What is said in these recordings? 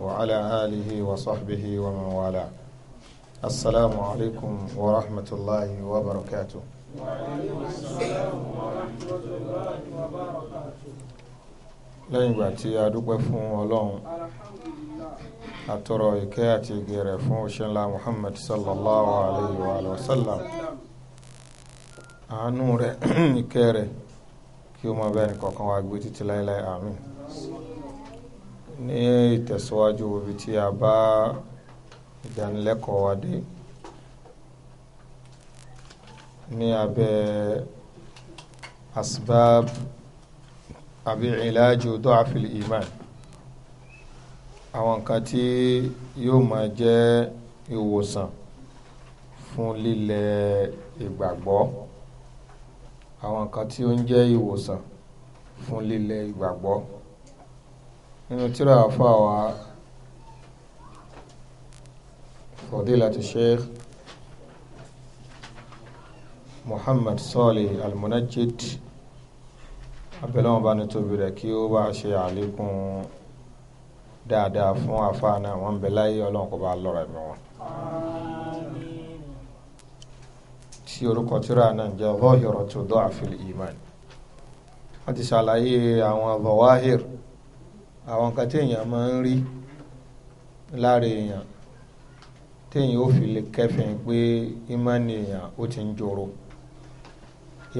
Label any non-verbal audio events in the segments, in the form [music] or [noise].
وعلى آله وصحبه ومن والاه السلام عليكم ورحمة الله وبركاته وعليكم السلام ورحمة الله وبركاته lẹ́yìn ìgbà tí a dúpẹ́ fún ọlọ́run àtọrọ ìkẹ́ àti ìgẹ̀ rẹ̀ fún òṣèlá muhammad sallallahu alayhi wa sallam àánú rẹ̀ ìkẹ́ rẹ̀ kí o máa bẹ́ẹ̀ ní kọ̀ọ̀kan wá gbé títí láíláí àmín ní ìtẹ̀síwájú ibi tí a bá ìdánilẹ́kọ̀ọ́ wa dé ní abẹ́ asbab àbí ìlàjì du'afil iman àwọn nǹkan tí yóò máa jẹ́ ìwòsàn fún lílẹ̀ ìgbàgbọ́ àwọn nǹkan tí ó ń jẹ́ ìwòsàn fún lílẹ̀ ìgbàgbọ́ nínú tírà àfáwà fadilatu sheikh muhammad salih al-munajjid abẹ́lẹ́wọ̀n bá ní tóbi rẹ̀ kí ó bá ṣe àlékún dáadáa fún àfáà náà wọ́n ń bẹ láyé ọlọ́run kó bá lọ́rọ̀ ẹ̀mí wọn tí orúkọ tírà náà jẹ́ dhahiratu da'fil iman wọ́n ṣàlàyé àwọn dhawahir àwọn nǹkan tí èèyàn máa ń rí lára èèyàn téèyàn ó fi lè kẹfìn pé ìmánì èèyàn ó ti ń jòrò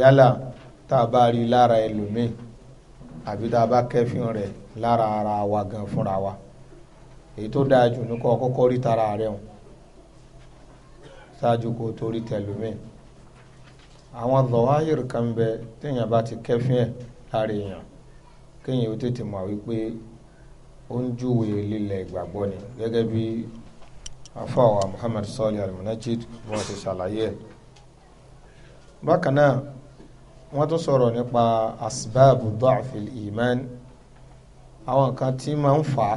yálà tá a bá rí lára ẹlòmíì àbí tá a bá kẹfìn rẹ̀ lára ara wa gan fúnra wa èyí tó dáa jù ní kó kọ́kọ́ rí tara rẹ̀ hàn ṣáájú kó tó rí tẹlòmíì àwọn zọwáyìr kan bẹ téèyàn bá ti kẹfìn ẹ̀ lára èèyàn kéèyàn ó tètè mọ̀ wípé ó ń júwe lílẹ̀ ìgbàgbọ́ ni gẹ́gẹ́ bí afáwa Muhammad Salih al-Munajjid wọ́n ti ṣàlàyé ẹ̀ bákan náà wọ́n tún sọ̀rọ̀ nípa asbáàbù dọ́àfil iman àwọn nǹkan tí máa ń fà á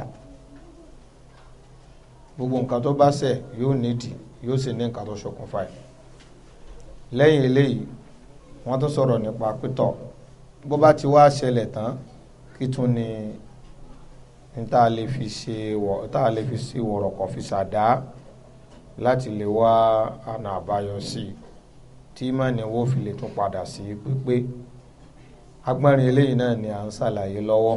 gbogbo nǹkan tó bá ṣẹ̀ yóò nídìí yóò sì ní nǹkan tó ṣokùnfà ẹ̀ lẹ́yìn eléyìí wọ́n tún sọ̀rọ̀ nípa pítọ̀ bó bá ti wá ṣẹlẹ̀ tán kí tún ni níta lè fi ṣe wọ̀ níta lè fi ṣe wọ̀rọ̀kọ̀ fi ṣàdá láti lè wá ọ̀nà àbáyọ sí tí mọ̀nì wo fi lè tún padà sí pípé agbárin eléyìí náà ni à ń ṣàlàyé lọ́wọ́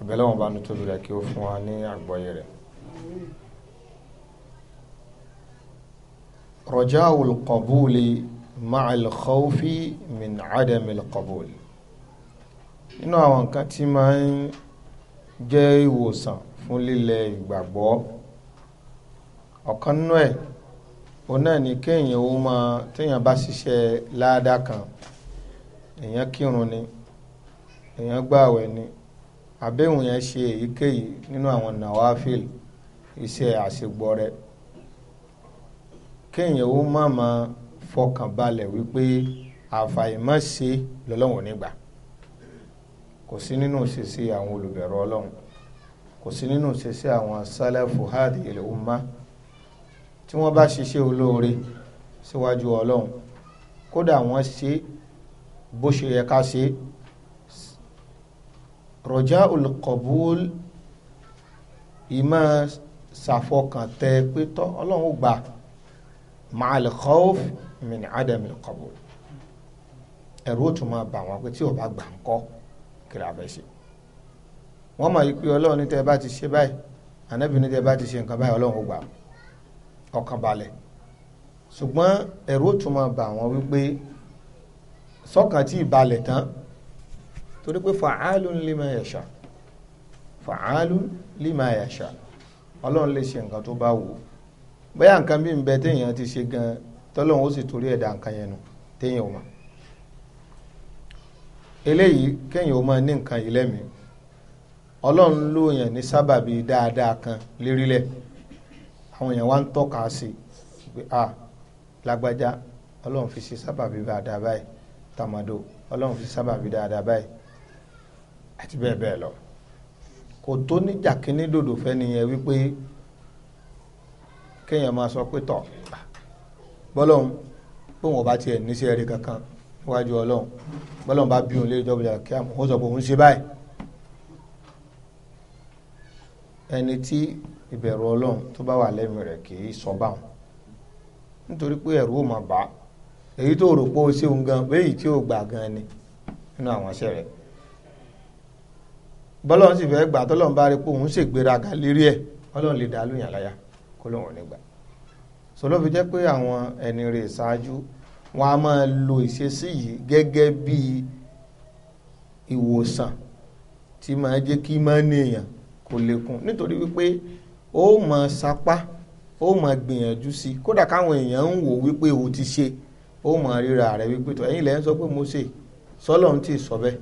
ìbẹ́lẹ́wọ̀n bá nu tóbi rẹ̀ kí ó fún wa ní àgbọ́yé rẹ̀. رجاء القبول مع الخوف من عدم القبول inú àwọn kan tí máa ń jẹ́ ìwòsàn fún lílẹ̀ ìgbàgbọ́ ọ̀kan nú ẹ̀ òun náà ni kéèyàn ó mọ téèyàn bá ṣiṣẹ́ láàdá kan èèyàn kírun ni èèyàn gbààwẹ̀ ni àbẹ́hùn yẹn ṣe èyíkéyìí nínú àwọn nàwáfíìl iṣẹ́ àṣegbọrẹ kéèyàn ó má máa fọkàn balẹ̀ wípé àfàìmọ̀ ṣe lọ́lọ́wọ̀n nígbà kò sí nínú ṣíṣe àwọn olùbẹ̀rù ọlọ́run kò sí nínú ṣíṣe àwọn sálẹ́fù hadi ilẹ̀ umma tí wọ́n bá ṣiṣẹ́ olóore síwájú ọlọ́run kódà wọ́n ṣe bó ṣe yẹ ká ṣe rọjá olùkọ̀bùl ìmọ̀ ṣàfọkàn tẹ pé tọ́ ọlọ́run ó gbà ma'al khawf min adam al qabul ẹ̀rù ó tún máa bà wọ́n pé tí ò bá gbà ń kọ́ kílà abẹ́ ṣe wọ́n mọ̀ yí pé ọlọ́run ní tẹ́ bá ti ṣe báyìí ànábì ní tẹ́ bá ti ṣe nǹkan báyìí ọlọ́run ó gbà ọkàn balẹ̀ ṣùgbọ́n ẹ̀rù ó tún máa bà wọ́n wípé sọ́kàn tí ìbalẹ̀ tán torí pé fa'alun lima yasha fa'alun lima yasha ọlọ́run lè ṣe nǹkan tó bá wù ú bóyá nǹkan bí ń bẹ téèyàn ti ṣe gan tọ́lọ́run ó sì torí ẹ̀dá nǹkan yẹn nù téèyàn ò mọ̀ eléyìí kéèyàn ó máa ní nǹkan yìí lẹ́mìí ọlọ́run ló yàn ní sábàbí dáadáa kan lérílẹ̀ àwọn èèyàn wá ń tọ́ka sí i pé a lágbájá ọlọ́run fi ṣe sábàbí dáadáa báyìí tàmádò ọlọ́run fi ṣe sábàbí dáadáa báyìí àti bẹ́ẹ̀ bẹ́ẹ̀ lọ kò tó níjà kíní dòdò fẹ́ nìyẹn wípé kéèyàn máa sọ pé tọ̀ bọ́lọ́run pé wọn ò bá tiẹ̀ níṣẹ́ rí kankan níwájú ọlọ́run bọ́lọ́run bá bí òun lé ìjọba kí àwọn ó sọ pé òun ṣe báyìí ẹni tí ìbẹ̀rù ọlọ́run tó bá wà lẹ́nu rẹ̀ kì í sọ báwọn nítorí pé ẹ̀rù ò mà bá èyí tó rò pé ó ṣe òun gan béyìí tí ò gbà gan ni nínú àwọn iṣẹ́ rẹ̀ bọ́lọ́run sì fẹ́ gbà tọ́lọ́run bá rí pé òun ṣègbéraga lérí ẹ̀ ọlọ́run lè dá lóyún àláyà kó lóun ò ní gbà sọlọ́ fi jẹ́ pé àwọn ẹni rè ṣáájú wọn a máa lo ìṣesí yìí gẹ́gẹ́ bí ìwòsàn tí máa jẹ́ kí máa ní èèyàn kó lékún nítorí wípé ó máa sapá ó máa gbìyànjú sí i kódà káwọn èèyàn ń wò wípé o ti ṣe ó máa ríra rẹ wípé tó ẹ̀yin lẹ́yìn sọ pé mo ṣe sọlọ́run tí ì sọ bẹ́ẹ̀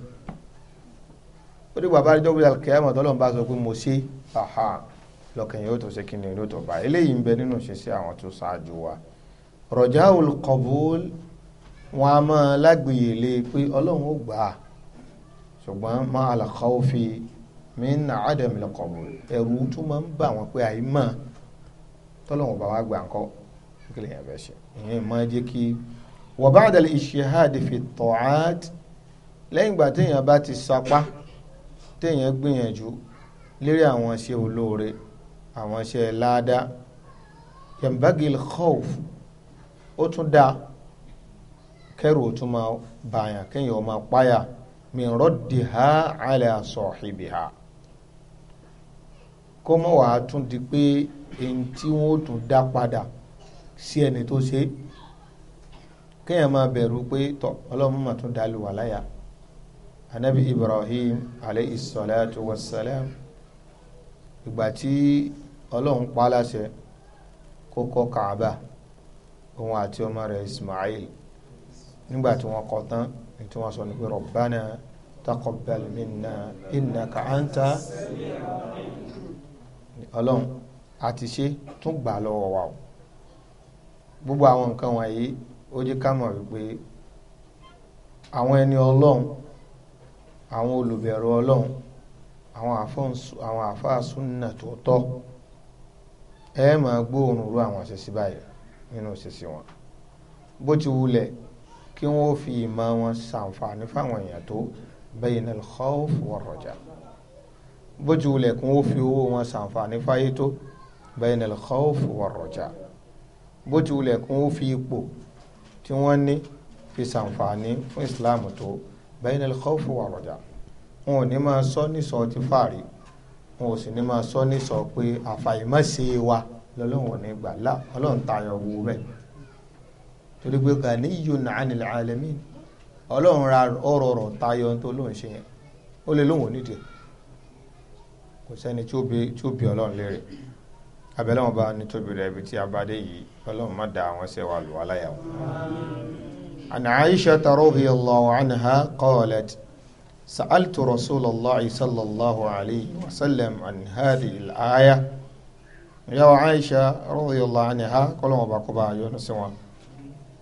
ó dìgbà bá rí jọ́bí àkẹ́yàmọ̀ tọ́lọ́run bá sọ pé mo ṣe lọ́kàn yóò tó ṣe kí ni yóò tó bá eléyìí ń bẹ nínú ìṣesí àwọn tó ṣáájú wa rọ̀jáwùl kọ̀bùl wọn a máa lágbèyèlé e pé ọlọ́run ó gbà á ṣùgbọ́n máa àlàkọ́ fi mí nà ádàm lè kọ̀bùl ẹ̀rù tún máa ń bà wọ́n pé àyè mọ̀ tọ́lọ́run bá wá gbà ńkọ́ kí lèyìn abẹ́ ṣe ìyẹn máa jẹ́ kí wọ́n bá dàlẹ́ ìṣèhádì fi tọ̀ áàt lẹ́yìn ìgbà téèyàn bá ti sapá téèyàn gbìyànjú lérí àwọn iṣẹ́ olóore àwọn iṣẹ́ ládàá yambagil khawf ó tún dá kẹrù ó tún máa bàyàn kéèyàn ó máa páyà min raddiha ala sahibiha kó mọ̀ wàá tún di pé èyí tí wọ́n ó tún dá padà sí ẹni tó ṣe kéèyàn máa bẹ̀rù pé tọ́ ọlọ́run mà tún dálù wà láyà anabi ibrahim alayhi salatu wassalam ìgbà tí ọlọ́run pa láṣẹ kó kọ́ kàábà òun àti ọmọ rẹ̀ Ismail nígbà tí wọ́n kọ́ tán tí wọ́n sọ ní pé Rabbana taqabbal minna innaka anta ọlọ́run àti ṣe tún gbà lọ́wọ́ wa o gbogbo àwọn nǹkan wọ̀nyí ó jẹ́ ká mọ̀ wípé àwọn ẹni ọlọ́run àwọn olùbẹ̀rù ọlọ́run àwọn àfáàsùn náà tó tọ́ ẹ máa gbóòórùn rú àwọn àṣẹṣe báyìí nínú ṣíṣe wọn bó ti wulẹ̀ kí wọ́n fi ìmọ̀ wọn ṣàǹfààní fáwọn èèyàn tó bayna al-khawf war-raja bó ti wulẹ̀ kí wọ́n fi owó wọn ṣàǹfààní fáyé tó bayna al-khawf war-raja bó ti wulẹ̀ kí wọ́n fi ipò tí wọ́n ní fi ṣàǹfààní fún Islam tó bayna al-khawf war wọn ò ní máa sọ ní sọ ti fàárí wọn ò sì ní máa sọ ní sọ pé àfàìmọ̀ṣe wa lọ́lọ́run ò ní gbà lá ọlọ́run tayọ wo bẹ́ẹ̀ torí pé kà ní yíyó nàá nílẹ̀ alẹ́mí ọlọ́run ra ọ̀rọ̀ ọ̀rọ̀ tayọ tó lóun ṣe yẹn ó lè lóun ò nídìí kò sẹ́ni tí ó bi ọlọ́run léèrè abẹ́lẹ́ wọn bá nítorí rẹ̀ ibi tí a bá dé yìí ọlọ́run má da àwọn ṣe wà lù wá wọn. عن عائشة رضي الله عنها قالت سألت رسول الله صلى الله عليه وسلم عن هذه الآية ìyàwó Aisha radiyallahu anha kọ́lọ́mù ọba kọ́ba yọ́nú sí wọn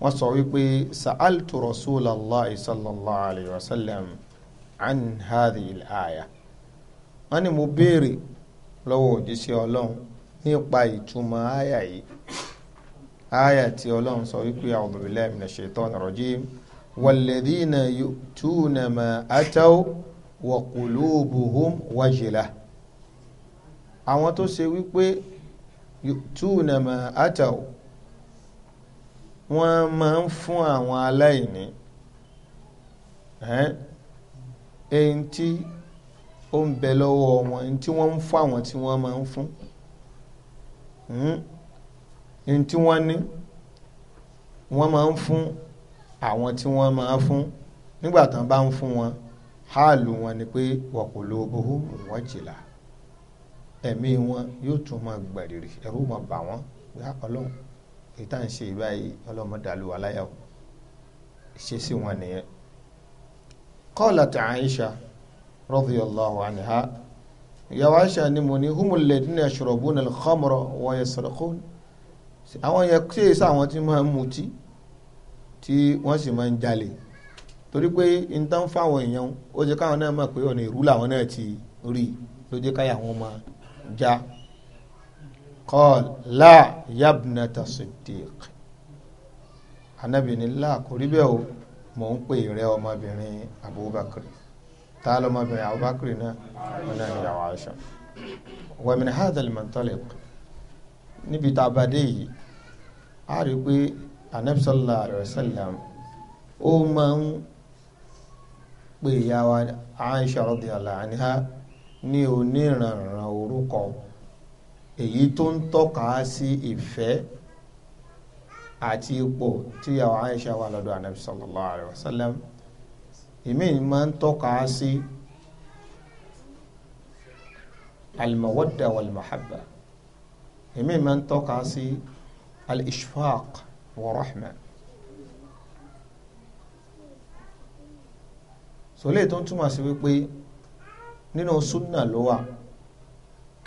wọ́n sọ wípé sa'altu rasulallah sallallahu alayhi wa sallam an hadhihi al-aya wọ́n ní mo béèrè lọ́wọ́ òjíṣẹ́ ọlọ́run nípa ìtumọ̀ àyà yìí àyà tí ọlọ́run sọ wípé a'udhu billahi minash shaitani rajim walladhina yu'tuna ma ataw wa qulubuhum wajilah àwọn tó ṣe wípé yu'tuna ma atau, wọ́n máa ń fún àwọn aláìní ẹ̀yìn tí ó ń bẹ lọ́wọ́ wọn ẹ̀yìn tí wọ́n ń fún àwọn tí wọ́n máa ń fún ẹ̀yìn tí wọ́n ní wọ́n máa ń fún àwọn tí wọ́n máa ń fún nígbà tán bá ń fún wọn háàlù wọn ni pé wa qulubuhum wajila ẹ̀mí wọn yóò tún máa gbàdìrì ẹ̀rù máa bà wọ́n pé ah, ọlọ́run èyí tá à ń ṣe báyìí ọlọ́run dàlú aláyà o ìṣesí wọn nìyẹn. qalat Aisha radiyallahu anha ìyàwó Aisha ni mo ní humul ladina yashrabuna al-khamra wa yasraqun àwọn yẹn ṣe é tí máa ń mutí tí wọ́n sì máa ń jalè torí pé n tán fáwọn èèyàn ó jẹ́ káwọn náà mọ̀ pé ọ̀nà ìrú làwọn náà ti rí ló jẹ́ káyà wọn máa já kọ́ọ̀l láà yabnata siddiq anabi ni láà kò rí bẹ́ẹ̀ o mò ń pè rẹ ọmọbìnrin abubakar tá a lọmọbìnrin abubakar náà wọn náà ní ìyàwó aṣọ wa min hadha al-mantaliq níbi tá a bá dé yìí a rí pé anabi sallallahu ó máa ń pè ìyàwó aisha radiyallahu anha. ní oníranran orúkọ èyí tó ń tọ́ka sí ìfẹ́ àti ipò tí ìyàwó Aisha wà lọ́dọ̀ anabi sallallahu alayhi wa ìmí ma ń tọ́ka sí almawadda walmahabba ìmí ma ń tọ́ka sí alishfaq wa rahma. sọlẹ́ tó ń túmọ̀ sí wípé. nínú súnà ló wà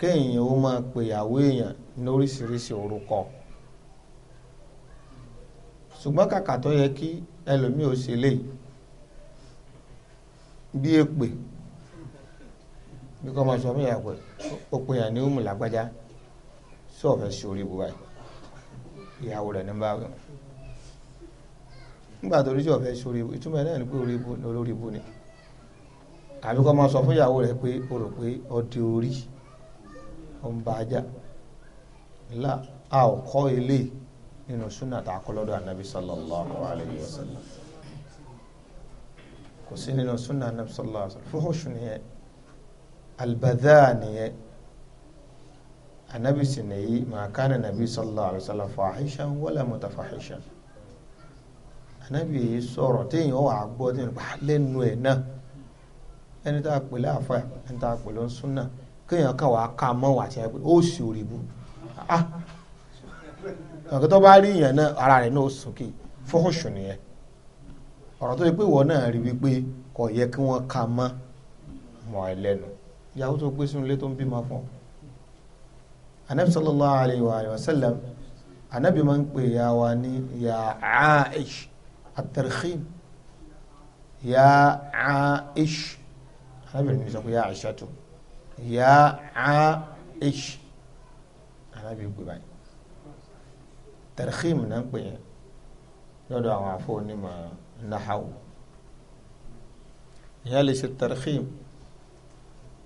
kéèyàn ó máa pèyàwó èèyàn lóríṣiríṣi orúkọ ṣùgbọ́n kàkà tó yẹ kí ẹlòmíì ò ṣe léyìí bí èpè bí kò máa sọ fún ìyàwó ó pè yàn ní òmù lágbájá sí ọ̀fẹ́ sí orí ibùba ìyàwó rẹ̀ ní báwí nígbà tó rí sí ọ̀fẹ́ sí orí ibù ìtumọ̀ náà ni pé orí ibù ni olórí ibù ni àbí kọ́ máa sọ fún ìyàwó rẹ̀ pé o rò pé ọdẹ orí ó ń bá ajá la a ò kọ́ ilé nínú súnà tá a kọ́ lọ́dọ̀ ànábi sallallahu alayhi wa sallam kò sí nínú súnà ànábi sallallahu alayhi wa sallam nìyẹn albadá nìyẹn ànábi sì nìyí màá kánà nàbí sallallahu alayhi wa sallam fàáhíṣà wala mutafàáhíṣà ànábi yìí sọ̀rọ̀ téèyàn wà á gbọ́ téèyàn bá ẹni tá a pè láàfà ẹni tá a pè ló ń súnà kéèyàn kàn wàá ká mọ́ wàá tiẹ̀ pé ó sì orí bu ah, ah. ọ̀gá tó bá rí yẹn náà ara rẹ̀ náà ó sókè fọ́ọ̀ṣù nìyẹn ọ̀rọ̀ tó yẹ pé ìwọ náà rí wípé kò yẹ kí wọ́n ká mọ́ mọ́ ẹ lẹ́nu ìyàwó tó gbé sínú ilé tó ń bímọ fún ọ anabi sallallahu alayhi wa sallam anabi máa ń pè ya wa ní ya aish atarkhim ya aish arábìnrin mi sọ pé yá Aishatu yá aish arábìnrin gbé báyìí tarkhim náà ń pè yẹn lọ́dọ̀ àwọn afọ onímọ̀ nahawu ìyẹn lè ṣe tarkhim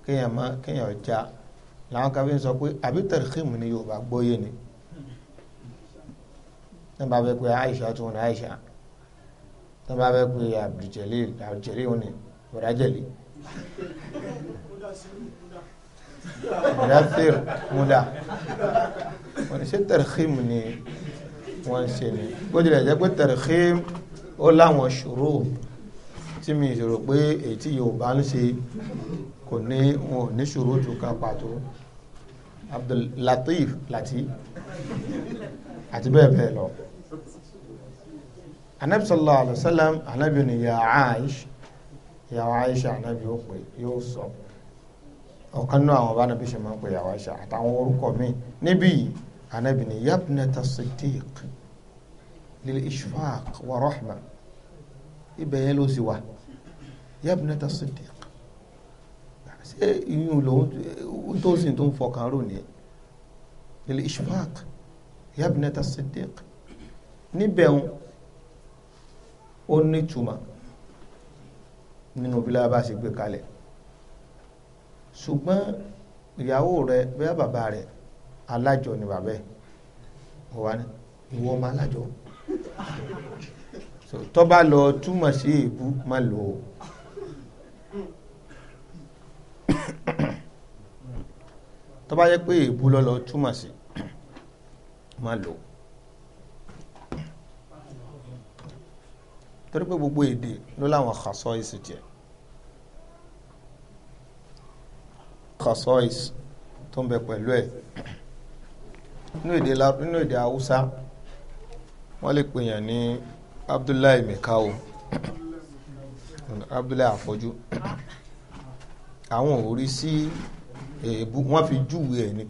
kéèyàn má kéèyàn já làwọn kan fi ń sọ pé àbí tarkhim ni Yorùbá gbóyè ni náà bá fẹ́ pé Aisha tún ní Aisha náà bá fẹ́ pé Abdul Jalil Abdul Jalil mudathir muda wọ́n ṣe tarkhim ni wọ́n ṣe ni bó tilẹ̀ jẹ́ pé tarkhim ó láwọn ṣòro tí mi ṣòro pé èyí tí yorùbá ń ṣe kò ní wọn ò ní ṣòro jù kan pàtó Abdul Latif Lati àti bẹ́ẹ̀ bẹ́ẹ̀ lọ anabi sallallahu alayhi wa sallam anabi ni ya aish ìyàwó Aisha anabi ó pè yóò sọ ọ̀kan náà àwọn ọba nàbí ṣe máa ń pè ìyàwó Aisha àtàwọn orúkọ míì níbí yìí anabi ni yabnata Siddiq lil ishfaq wa rahma ibẹ̀ yẹn ló sì wà yabnata Siddiq ṣé ìyún lòun tó sì tó ń fọkàn rò nìyẹn lil ishfaq yabnata Siddiq níbẹ̀ ń ó nítumọ̀ nínú bí lábá ṣe gbé kalẹ̀ ṣùgbọ́n ìyàwó rẹ bẹ́ẹ̀ bàbá rẹ alájọ ni bàbá ẹ̀ wọ́n wá ní ìwọ ọmọ alájọ tó bá lọ túmọ̀ sí èébú má lò ó tó yẹ pé èébú lọ túmọ̀ sí má lò ó torí pé gbogbo èdè ló láwọn xasọ ìsì tiẹ̀ xasọ ìsì tó ń bẹ pẹ̀lú ẹ̀ nínú èdè haúsá wọ́n lè pè yàn ní abdullahi mekao abdullahi afọ́jú àwọn ò rí sí èébú wọ́n fi júwe ẹ̀ ni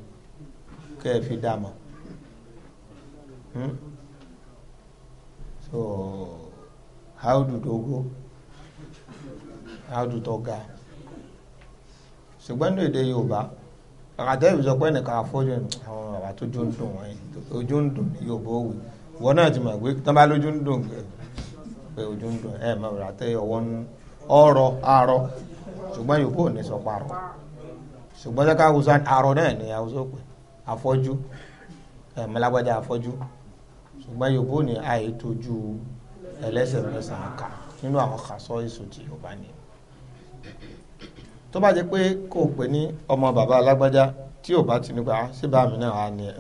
kẹ́ ẹ fi dá mọ̀ hmm? so áùdù dógó áùdù tó ga ṣùgbọ́n ní èdè yorùbá àkàtà ìbùsọ pé ẹnìkan afọ́jú àwọn bàbá tó jó ń dùn wọ́n ojú ń dùn ní yorùbá òwe ìwọ náà ti mọ̀ pé tán bá lójú ń dùn pé ojú ń dùn ẹ̀ mọ̀ rà tẹ́ ọwọ́ ń ọrọ̀ àrọ̀ ṣùgbọ́n yorùbá ò ní sọ parọ́ ṣùgbọ́n sẹ́ka awùsọ àrọ̀ náà ní awùsọ pé afọ́jú ẹ̀ mọ́lágbájá afọ́jú ṣùgbọ́n yorùbá ò ní àìtójú ẹlẹ́sẹ̀ mẹ́sàn-án kà nínú àwọn kàṣọ èso tí ó bá ní tó bá jẹ́ pé kò pé ní ọmọ bàbá alágbájá tí ò bá ti nípa ah, síbá mi náà á ní ẹ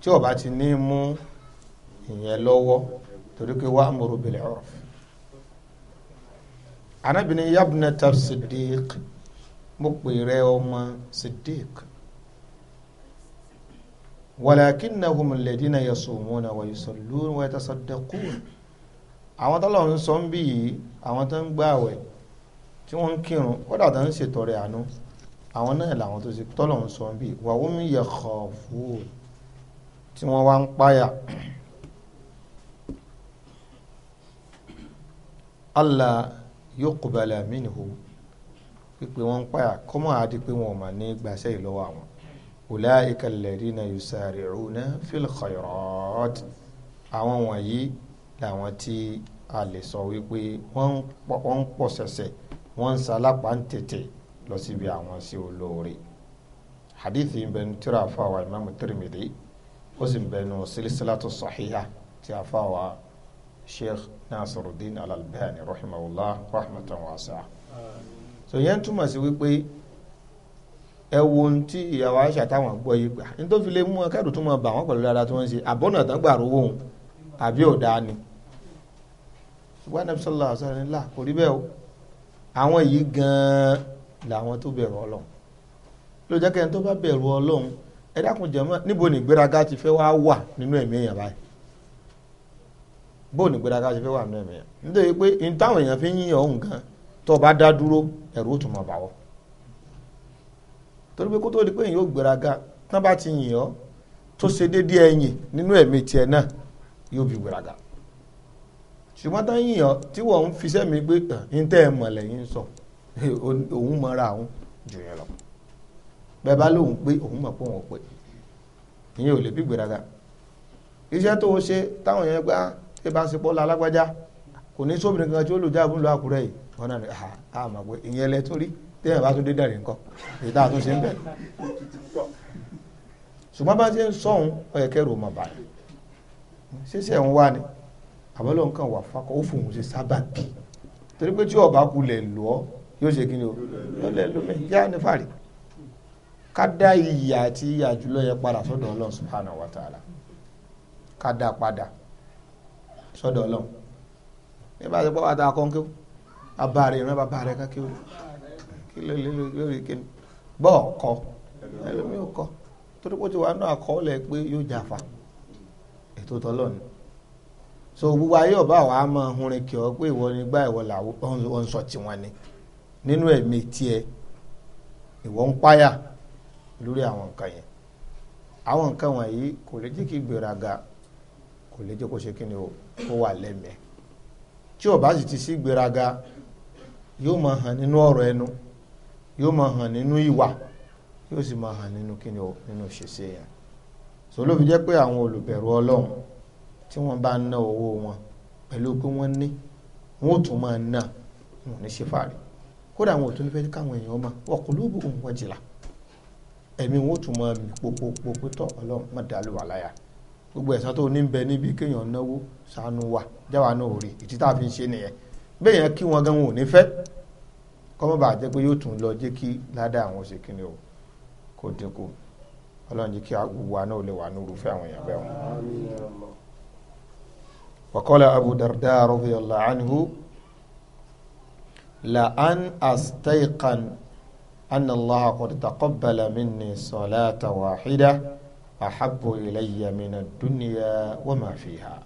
tí ò bá ti ní mú ìyẹn lọ́wọ́ torí pé wàá mọ̀rọ̀ bẹ̀rẹ̀ ọ̀rọ̀ anábìnrin yabnata Siddiq mo pè rẹ ọmọ Siddiq walakinnahum alladhina yasumuna wa yusalluna wa yatasaddaqun àwọn tọ́lọ̀ ń sọ ń bí yìí àwọn tó ń gbá àwẹ̀ tí wọ́n ń kírun kódà tó ń ṣètọrẹ àánú àwọn náà làwọn tó ṣe tọ́lọ̀ ń sọ ń bí wà wọ́n mi yẹ kọ̀ fún tí wọ́n wá ń páyà. Allah yuqbala minhu pípé wọ́n ń páyà kọ́mọ́ àti pé wọ́n mà ní gbàṣẹ́ ìlọ́wọ́ àwọn. ulaika alladhina yusari'una fil khayrat àwọn wọ̀nyí làwọn tí a lè sọ wípé wọ́n ń pọ̀ sẹ̀sẹ̀ wọ́n ń salápá ń tètè lọ síbi àwọn sí olóore hadith yìí ń bẹnu tíra àfàwà imam tirimidi ó sì ń bẹnu silisilatu sahiha ti àfàwà sheikh nasiruddin alalbani rahimahullah rahmatan wasa. so yẹn túmọ̀ sí wípé ẹ wo ohun tí ìyàwó aisha táwọn gbọ́ yìí gbà nítorí fi lè mú akẹ́rù tó máa bà wọ́n pẹ̀lú dáadáa tí wọ́n ń ṣe àbọ̀nà àtàgbà rówó àbí ò ni ṣùgbọ́n anabi sọlá ọ̀sán ni là kò rí bẹ́ẹ̀ o àwọn yìí gan-an làwọn tó bẹ̀rù ọlọ́run ló jẹ́ kẹ́ni tó bá bẹ̀rù ọlọ́run ẹ dákun jẹ́mọ́ níbo ni ìgbéraga ti fẹ́ wá wà nínú ẹ̀mí èèyàn báyìí bó ni ìgbéraga ti fẹ́ wà nínú ẹ̀mí èèyàn nítorí pé ní táwọn èèyàn fi ń yíyan òun gan tó bá dá dúró ẹ̀rù ó tún máa bà wọ́ torí pé kó tó di pé èèyàn ò gbéraga tán bá ti yìn ọ́ tó ṣe déédéé ẹ̀yìn nínú ẹ̀mí tiẹ̀ náà yóò fi gbéraga ṣùgbọ́n tán yìnyàn tí wọ́n ń fiṣẹ́ mi pé n tẹ́ ẹ mọ̀ lẹ́yìn sọ [laughs] òun mọ̀ra òun jù yẹn lọ bẹ́ẹ̀ bá lóun pé òun mọ̀ pé òun pé ìyẹn ò lè bí gbèrágà iṣẹ́ tó ṣe táwọn yẹn gbá ṣe bá ń ṣe pọ́lá alágbájá kò ní sóbìnrin kankan tí ó lò jáàbù lọ àkúrẹ́ yìí wọn náà ní àmọ́ pé ìyẹn lẹ tún rí téèyàn bá tún dé dẹ̀rẹ̀ nǹkan èyí tá a tún ṣe ń bẹ̀ ṣùgbọ́n bá ṣe ń sọ̀hún ọ̀yẹ̀kẹ́rù mọ̀ báyìí ṣíṣe ń wá ni àbọ̀lọ́ nǹkan wà fakọ̀ ó fòun ṣe sábàbí torí pé tí ọba kulẹ̀ lọ yóò ṣe kí ni o yóò lẹ̀ lómi yá ní fàrí ká dá ìyà àti ìyà jùlọ yẹ padà sọ́dọ̀ ọlọ́run subhanahu wa ta'ala ká dá padà sọ́dọ̀ ọlọ́run nígbà tó pọ̀ wá tá a kọ́ ń bàbá rẹ̀ ìran bàbá rẹ̀ kákéwò kí ló lè lórí kíni bọ́ ọkọ ẹlòmíì ọkọ torí pé ó ti wà nù àkọọ́lẹ̀ pé yóò jàfa ètò tọ́lọ́ni so gbogbo ayé ọba wa a máa hunrin kì ọ pé ìwọ ni ìwọ tiwọn ni nínú ẹ̀mí tiẹ̀ ìwọ ń páyà lórí àwọn nǹkan yẹn àwọn nǹkan wọ̀nyí kò lè jẹ́ kí gbéraga kò lè jẹ́ o kó wà ọba sì ti sí gbéraga yóò máa hàn nínú ọ̀rọ̀ ẹnu yóò máa hàn nínú ìwà yóò sì máa hàn nínú kí ni o nínú yẹn fi jẹ́ pé àwọn tí wọ́n bá ná owó wọn pẹ̀lú pé wọ́n ní wọ́n tún máa ná wọn ní ṣe fàárì kódà wọn ò tún fẹ́ káwọn èèyàn mọ̀ wọ́n kò lóògùn òun wọ́n jìlá ẹ̀mí wọn ò tún máa mì pópópó pé tọ́ má dàlú wà láyà gbogbo ẹ̀san tó ní bẹ níbi kéèyàn náwó sànú wa jáwa náà ò rí ìdí tá a fi ń ṣe nìyẹn bẹ́ẹ̀ yẹn kí wọn gan wọn ò ní fẹ́ kọ́mọ́ bàá jẹ́ pé yóò tún lọ jẹ́ kí ládàá àwọn ṣe kíni o kò dínkù ọlọ́run jẹ́ kí gbogbo náà ò lè wà ní irúfẹ́ àwọn èèyàn bẹ́ẹ̀ wọn. وقال أبو درداء رضي الله عنه لأن أستيقن أن الله قد تقبل مني صلاة واحدة أحب إلي من الدنيا وما فيها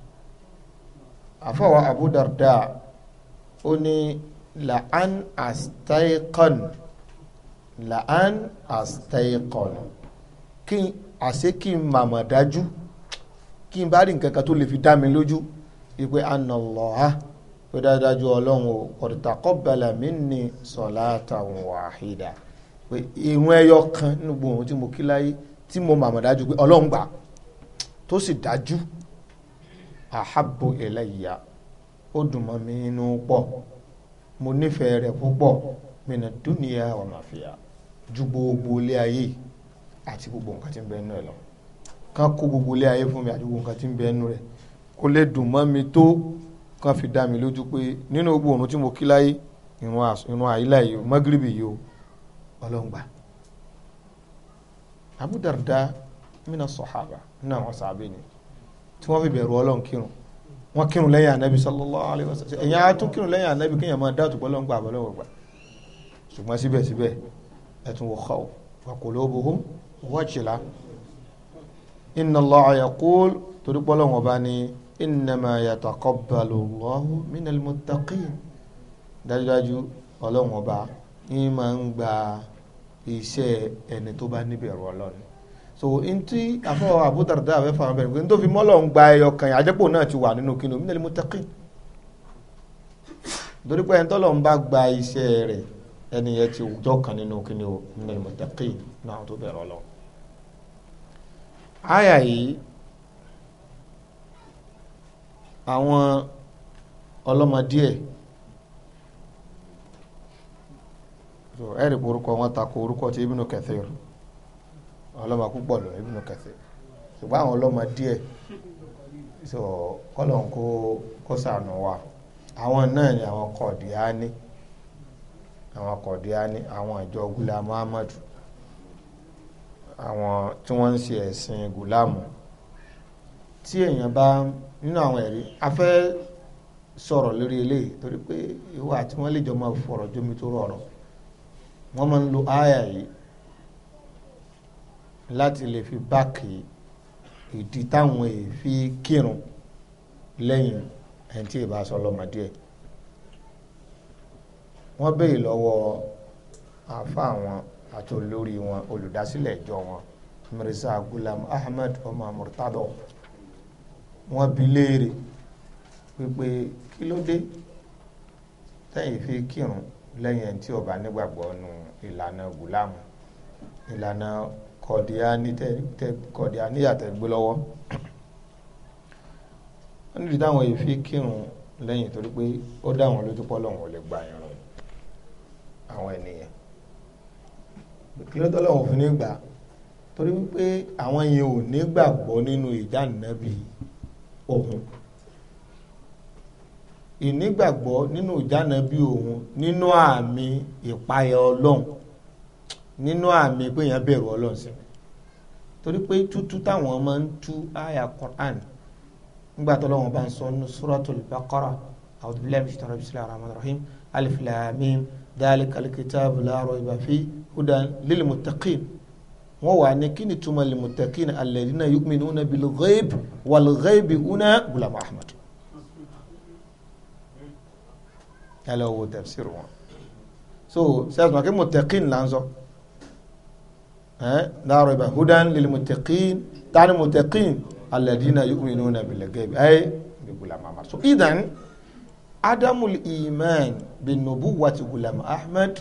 أفوى أبو درداء أني لأن أستيقن لأن أستيقن كي أسيكي ما مداجو كي بارين كاكاتولي في دامي لوجو wípé anàlọ́ha pé dájú ọlọ́run o ọ̀dùtàkọ́bẹ̀lẹ̀ mi ní sọ̀láàtà wàhídà pé ìrun ẹyọ kan nínú gbogbo tí mo kí láyé tí mo màmọ̀ dájú pé ọlọ́run gbà tó sì dájú àhábò ẹlẹ́yà ó dùn mọ́ mi nínú pọ̀ mo nífẹ̀ẹ́ rẹ̀ púpọ̀ mìíràn dúnìyà wà ju gbogbo ilé ayé àti gbogbo nǹkan tí ń bẹ nínú ẹ̀ lọ kán kó gbogbo ilé ayé fún mi àti gbogbo nǹkan tí ń bẹ nínú rẹ̀ kó lè dùn mọ́ mi tó kàn fi dá mi lójú pé nínú gbogbo òrùn tí mo kí láyé ìrun àyílá yìí mọ́gírìbì yìí o ọlọ́run gbà Abu Darda mina sọ̀hábà nínú àwọn sàbẹ̀ ni tí wọ́n fi bẹ̀rù ọlọ́run kírun wọ́n kírun lẹ́yìn anabi sallallahu alayhi wa sallam kírun lẹ́yìn anabi kéèyàn máa dáàtò pé ọlọ́run ṣùgbọ́n síbẹ̀síbẹ̀ ẹ̀tún wò xaw wa qulubuhum wajila inna Allaha torí pé ọlọ́run ọba innama yataqabbalu Allahu minal muttaqin dájúdájú ọlọ́run ọba ní máa ń gba iṣẹ́ ẹni tó bá níbẹ̀rù ọlọ́run so ntí afọ Abu Darda abẹ́fà bẹ̀rẹ̀ pé nítorí mọ́lọ̀ ń gba ẹyọ kan àjẹpò náà ti wà nínú kinu minal muttaqin torí pé ẹni tọ́lọ̀ ń bá gba iṣẹ́ rẹ̀ ẹni yẹn ti jọ́ kan nínú kinu minal muttaqin náà tó bẹ̀rẹ̀ ọlọ́run. àyà yìí àwọn ọlọ́mọdé ẹ̀ ẹ̀rì orúkọ wọn tako orúkọ ti Ibn Kathir ọlọ́mọ púpọ̀ lọ Ibn Kathir ṣùgbọ́n àwọn ọlọ́mọdé ẹ̀ so kọ́lọ̀ kó kó sànù wa àwọn náà ni àwọn kọ̀díání àwọn kọ̀díání àwọn ìjọ gula muhammadu àwọn tí wọ́n ń ṣe ẹ̀sìn gulamu tí èèyàn bá ń nínú àwọn ẹ̀rí a fẹ́ sọ̀rọ̀ lórí eléyìí torí pé ìwà àti wọ́n lè jọ máa fọ̀rọ̀ jómi tó rọrọ̀ wọ́n máa ń lo àyà yìí láti lè fi báàkì ìdí táwọn èèfi kírun lẹ́yìn ẹni tí ìbá sọ lọ́mọ díẹ̀ wọ́n béè lọ́wọ́ àfa àwọn àti olórí wọn olùdásílẹ̀ ìjọ wọn Mirza Gulam Ahmed ọmọ Murtado wọ́n bi léèrè wípé kí ló dé tẹ́yìn fi kírun lẹ́yìn ẹni tí ó bá nígbàgbọ́ nu ìlànà gùlámù ìlànà kọ̀díáníyà tẹ̀gbé lọ́wọ́ wọ́n nídìí táwọn èyí fi kírun lẹ́yìn torí pé ó dá àwọn lójú pọ́ lọ́wọ́ lè gba ìrun àwọn ènìyàn kí ló tọ́lọ́wọ́ fi ní gbà torí wípé àwọn yẹn ò ní gbàgbọ́ nínú ìdánilábì yìí òun ìnígbàgbọ́ nínú ìjánabi òun nínú àmì ìpayà ọlọ́run nínú àmì pé èèyàn bẹ̀rù ọlọ́run sí torí pé tútú táwọn máa ń tú àyà Quran nígbà tó lọ́wọ́n bá ń sọ ní suratul Baqara a'udhu billahi minash shaitanir rajim bismillahir rahmanir rahim alif lam mim dhalikal hudan lil muttaqin wọ́n wà ní kí ni túmọ̀ lèmùtẹ́kìn alẹ́dínà yu'minuna bil ghaib wal ghaib una gulam ahmed. ẹ lọ wo tafsir wọn so sẹ́sìmọ̀ kí mùtẹ́kìn là ń sọ la rayba hudan lil muttaqin tani muttaqin alẹ́dínà yu'minuna bil ghaib ayé bi gulam ahmed so idan adamul iman bin nubuwati gulam ahmed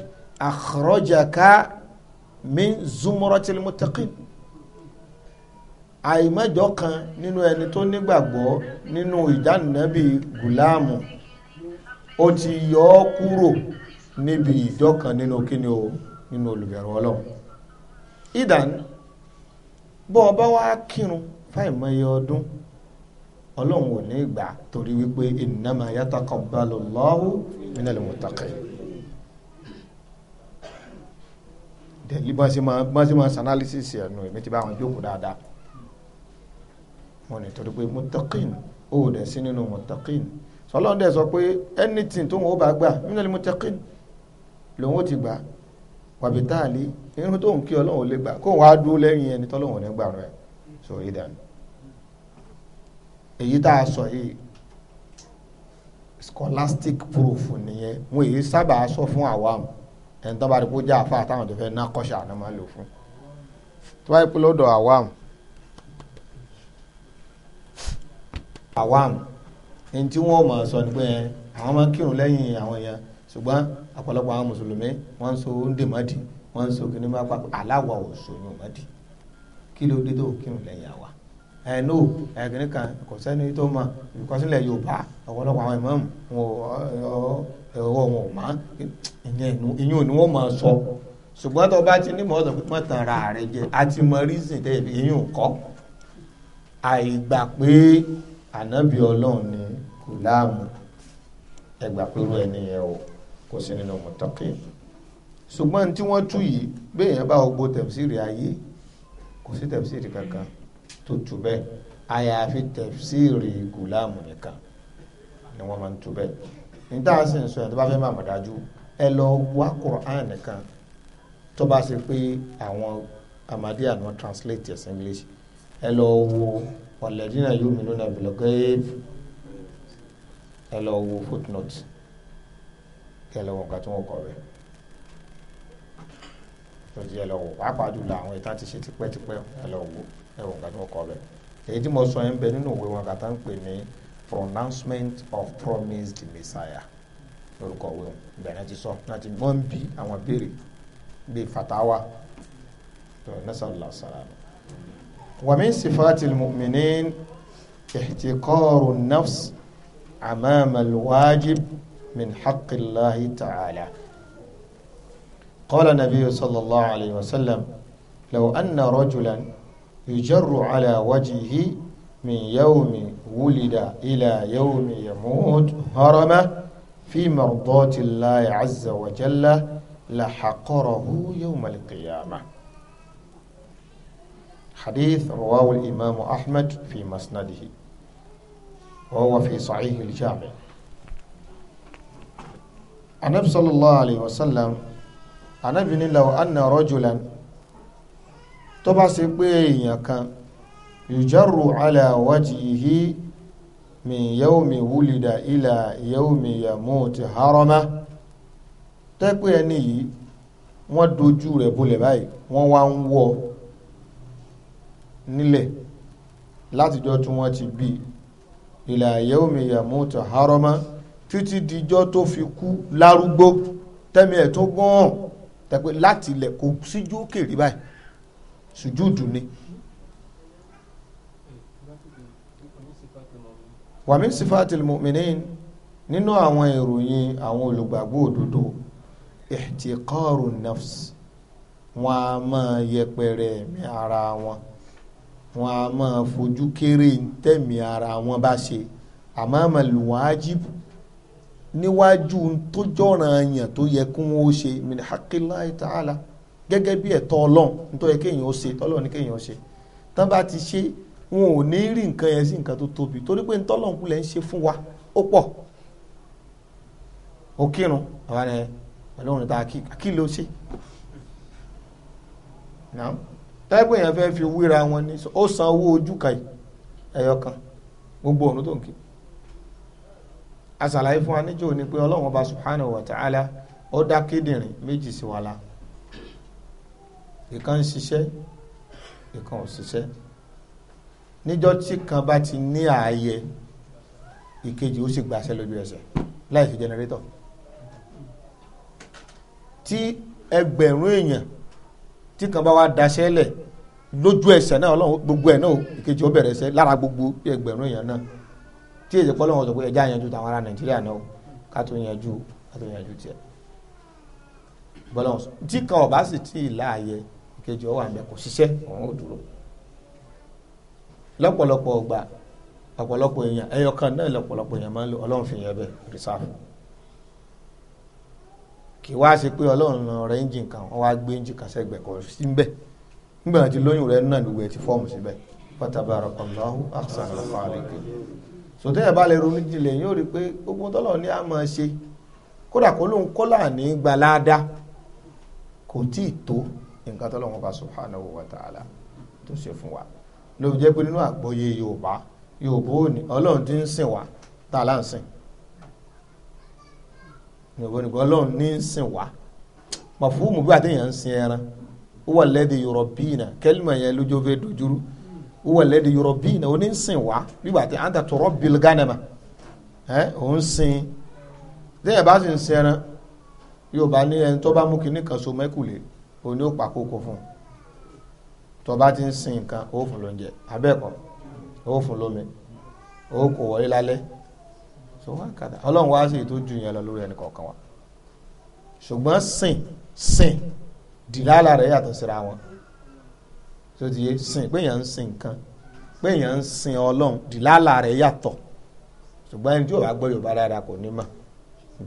akhrajaka. min zumuratil muttaqin àìmọ́jọ kan nínú ẹni tó nígbàgbọ́ nínú ìjáninabi gùláàmù ó ti yọ ọ́ kúrò níbi ìjọ kan nínú kíni o nínú olùbẹ̀rù ọlọ́run ìdán bọ́ ọ bá wá kírun fáìmọye ọdún ọlọ́run ò ní ìgbà torí wípé innama yataqabbalullahu minal muttaqin tẹ̀lé bá ṣe máa bá ṣe máa sanalysis ẹ̀nu èmi ti bá wọn jókòó dáadáa mo ní torí pé mutakin ó dẹ̀ sí nínú mutakin sọlọ́n dẹ̀ sọ pé anything tóun ó bá gbà nínú ẹni mutakin lòun ó ti gbà wàbí táàlì irun tóun kí ọlọ́run ò lè gbà kóun wá dúró lẹ́yìn ẹni tọ́lọ́run ò ní gbà rẹ̀ so idan èyí tá a sọ yìí scholastic proof nìyẹn wọn èyí sábà sọ fún àwa mu ẹni tó bá jẹ́ àfa àtàwọn tó fẹ́ ná máa lò fún tí bá yẹ pé àwam àwam ẹni tí wọ́n mọ̀ sọ ni pé àwọn máa kírun lẹ́yìn àwọn yẹn ṣùgbọ́n ọ̀pọ̀lọpọ̀ àwọn mùsùlùmí wọ́n ń so oúnjẹ mọ́dì wọ́n ń so aláwọ̀ òṣòyìn mọ́dì kí ẹ̀rọ wọn ò má ìyẹn ni wọ́n máa sọ ṣùgbọ́n tó bá ti ní mọ́ ọ̀sán pípọ́n tan ara rẹ jẹ àti mọ rísìn tẹ́ ìyẹn ò kọ́ àìgbà pé ànábì ọlọ́run ni kò láàmú ẹgbà pẹ̀lú ẹni yẹn o kò sí nínú mọ̀tọ́kì ṣùgbọ́n tí wọ́n tú yìí béèyàn bá gbogbo tẹ̀síìrì ayé kò sí tẹ̀síìrì kankan tó tú bẹ́ẹ̀ àyàfi tẹ̀síìrì gùlámù nìkan ni wọ́n máa ń tú bẹ́ẹ̀ níta sì ń sọ yẹn tó bá fẹ́ máa mọ̀ dájú ẹ lọ wá Quran nìkan tó bá ṣe pé àwọn Ahmadiyya náà translate yes English ẹ lọ wo ọ̀lẹ́dínà yóò mi lónà bìlọ́gẹ́ ẹ lọ wo footnote kí ẹ lọ wo nǹkan tí wọ́n kọ rẹ̀ lọ́jọ́ ẹ lọ wò pàápàá jùlọ àwọn ìta ti ṣe tipẹ́tipẹ́ ẹ lọ wò ẹ wò nǹkan tí wọ́n kọ rẹ̀ èyí tí mo sọ yẹn ń bẹ nínú òwe wọn kàtà ń pè ní pronouncement of promised messiah lórúkọ wo bẹ̀rẹ̀ ti sọ náà ti wọ́n ń bi àwọn béèrè bíi fatawa tó nasàlá sàlámù. ومن صفات المؤمنين احتقار النفس امام الواجب من حق الله تعالى قال النبي صلى الله عليه وسلم لو ان رجلا يجر على وجهه من يوم ولد إلى يوم يموت هرم في مرضاة الله عز وجل لحقره يوم القيامة حديث رواه الإمام أحمد في مسنده وهو في صحيح الجامع النبي صلى الله عليه وسلم أنا بن لو أن رجلا تبع سيبقى يجر على وجهه min yawmi wulida ila yawmi yamuti harama tẹ́pẹ́ ẹni yìí wọ́n dojú rẹ̀ bolẹ̀ báyìí wọ́n wá ń wọ́ nílẹ̀ látijọ́ tí wọ́n ti bí ila yawmi yamuti harama títí dijọ́ tó fi kú lárúgbó tẹ́mi ẹ̀ tó gbọ́n tẹ́pẹ́ láti ilẹ̀ kò síjú òkèèrè báyìí sùjúdù ni. wa min sifatil mu'minin nínú àwọn ìròyìn àwọn olùgbàgbọ́ òdodo ihtiqaru nafs wọn a máa yẹpẹrẹ ẹ̀mí ara wọn wọn a máa fojú kéré tẹ̀mí ara wọn bá ṣe àmàmà lùwájib níwájú tó jọ̀ràn yàn tó yẹ kí wọ́n ṣe min haqillahi ta'ala gẹ́gẹ́ bí ẹ̀tọ́ ọlọ́run tó kéèyàn ó ṣe tọ́lọ́ ní kéèyàn ó ṣe tán bá ti ṣe wọn ò ní rí nǹkan yẹn sí nǹkan tó tóbi torí pé ntọ́lọ́nkú lẹ́ ń ṣe fún wa ó pọ̀ ó kírun àwọn ẹ̀ pẹ̀lú òun ta kí ló ṣe náà tẹ́gbọ̀n yẹn fẹ́ fi wíra wọn ní ó san owó ojú kan ẹ̀yọ kan gbogbo òun tó ń kí asàlàyé fún wa níjó ni pé ọlọ́run ọba subhanahu wa ta'ala ó dá kíndìnrín méjì sí wa la ìkan ń ṣiṣẹ́ ìkan ò ṣiṣẹ́ níjọ́ tí kan bá ti ní ààyè ìkejì ó sì gbàṣẹ lójú ẹsẹ̀ láì fi jẹnẹrétọ̀ tí ẹgbẹ̀rún èèyàn tí kan bá wá daṣẹ́ lẹ̀ lójú ẹsẹ̀ náà ọlọ́run gbogbo ẹ̀ náà ìkejì ó bẹ̀rẹ̀ ẹsẹ̀ lára gbogbo ẹgbẹ̀rún èèyàn náà tí èdè pọ́ lọ́wọ́ sọ pé ẹja yanjú tàwọn ará nàìjíríà náà ká tó yanjú ká tó yanjú tiẹ̀ bọ́lọ́wọ́n tí kan ọ̀bá sì tí ì láàyè ìkejì ó wà ń bẹ kò ò dúró. lọ́pọ̀lọpọ̀ ọgbà ọ̀pọ̀lọpọ̀ èèyàn ẹyọ náà lọ́pọ̀lọpọ̀ èèyàn máa ń lo ọlọ́run fi yẹn bẹ́ẹ̀ rìsáàfù kì wá pé ń kan wá gbé ń sí nígbà tí lóyún náà ti sòtẹ́ ẹ̀ bá lè ronú jinlẹ̀ yóò rí a máa ṣe kódà kó lóun kó láàní gbaláda kò tí ì tó nǹkan tọ́lọ̀ wọn bá ta'ala tó ṣe fún wa. ló fi jẹ́ pé nínú àgbọ́yé yorùbá yorùbá ò ní ọlọ́run ti ń sìn wá tá a là ń sìn yorùbá ní ọlọ́run ní ń sìn wá mọ̀fúùmù bí àtẹ̀yàn ń sin ẹran wúwà lẹ́dí yorùbá kẹ́lìmọ̀ yẹn lójó fẹ́ dojúrú wúwà lẹ́dí yorùbá ó ní ń sìn wá bíbà tí à ń tàtọ̀ rọ́bìlì gánàmà ẹ̀ òun sin tẹ́yẹ̀ bá sì ń sin ẹran yorùbá ní ẹni tó bá mú kinní kan so mẹ́kùlé òun ni ó pàkókò fún un tó bá ti ń sin nǹkan ó fún lóúnjẹ abẹ́ẹ̀kọ́ ó fún lómi ó kò wọlé lálẹ́ tó wá kàdà ọlọ́run wá sí ètò ju yẹn lọ lórí ẹnì kọ̀ọ̀kan wa ṣùgbọ́n sìn sìn dìláàlà rẹ̀ yàtọ̀ síra wọn tó ti yé sìn pé èèyàn ń sin nǹkan pé èèyàn ń sin ọlọ́run dìláàlà rẹ̀ yàtọ̀ ṣùgbọ́n ẹni tí ò bá gbọ́ yorùbá dáadáa kò ní mọ̀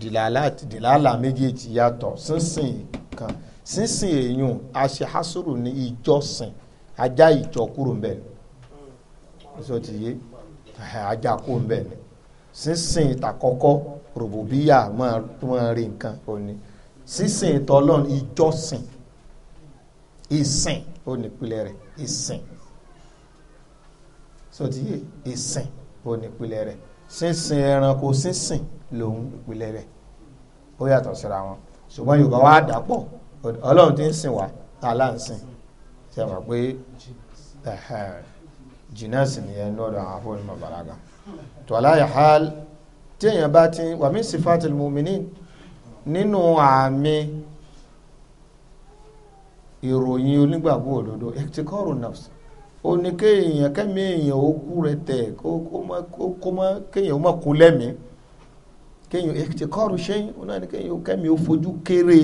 dìláàlà àti dìláàlà méjèèjì yàtọ̀ sínsìn kan sínsìn èèyàn àṣehásòrò ní ìjọsìn ajá ìjọ kúrò ń bẹ̀ sọ ti yé ajá kúrò ń bẹ̀ ni sísìn ìtàkọ́kọ́ rògbòbíyà máa rí nǹkan òní sísìn ìtọ́lọ́n ìjọsìn ìsìn onípìlẹ̀ rẹ̀ ìsìn sotiye ìsìn onípìlẹ̀ rẹ̀ sísìn ẹranko sísìn lòun ìpìlẹ̀ rẹ̀ ó yàtọ̀ síra wọn ṣùgbọ́n Yorùbá wa dàpọ̀ Ọlọ́run ti ń sìn wá tá ṣe mọ̀ pé jìnnàsì nìyẹn lọ́dọ̀ àwọn afọ́ onímọ̀ balaga tó aláyà hal tí èèyàn bá ti wà mí sifatil mu'minin nínú àmì ìròyìn onígbàgbọ́ òdodo ẹ̀tìkọ́rù nafs ó ní kéèyàn kẹ́mi èèyàn ó kú rẹ tẹ̀ kó mọ́ kéèyàn ó mọ̀ kú lẹ́mìí kéèyàn ẹ̀tìkọ́rù ṣẹ́yìn ó náà ní kéèyàn kẹ́mi ó fojú kéré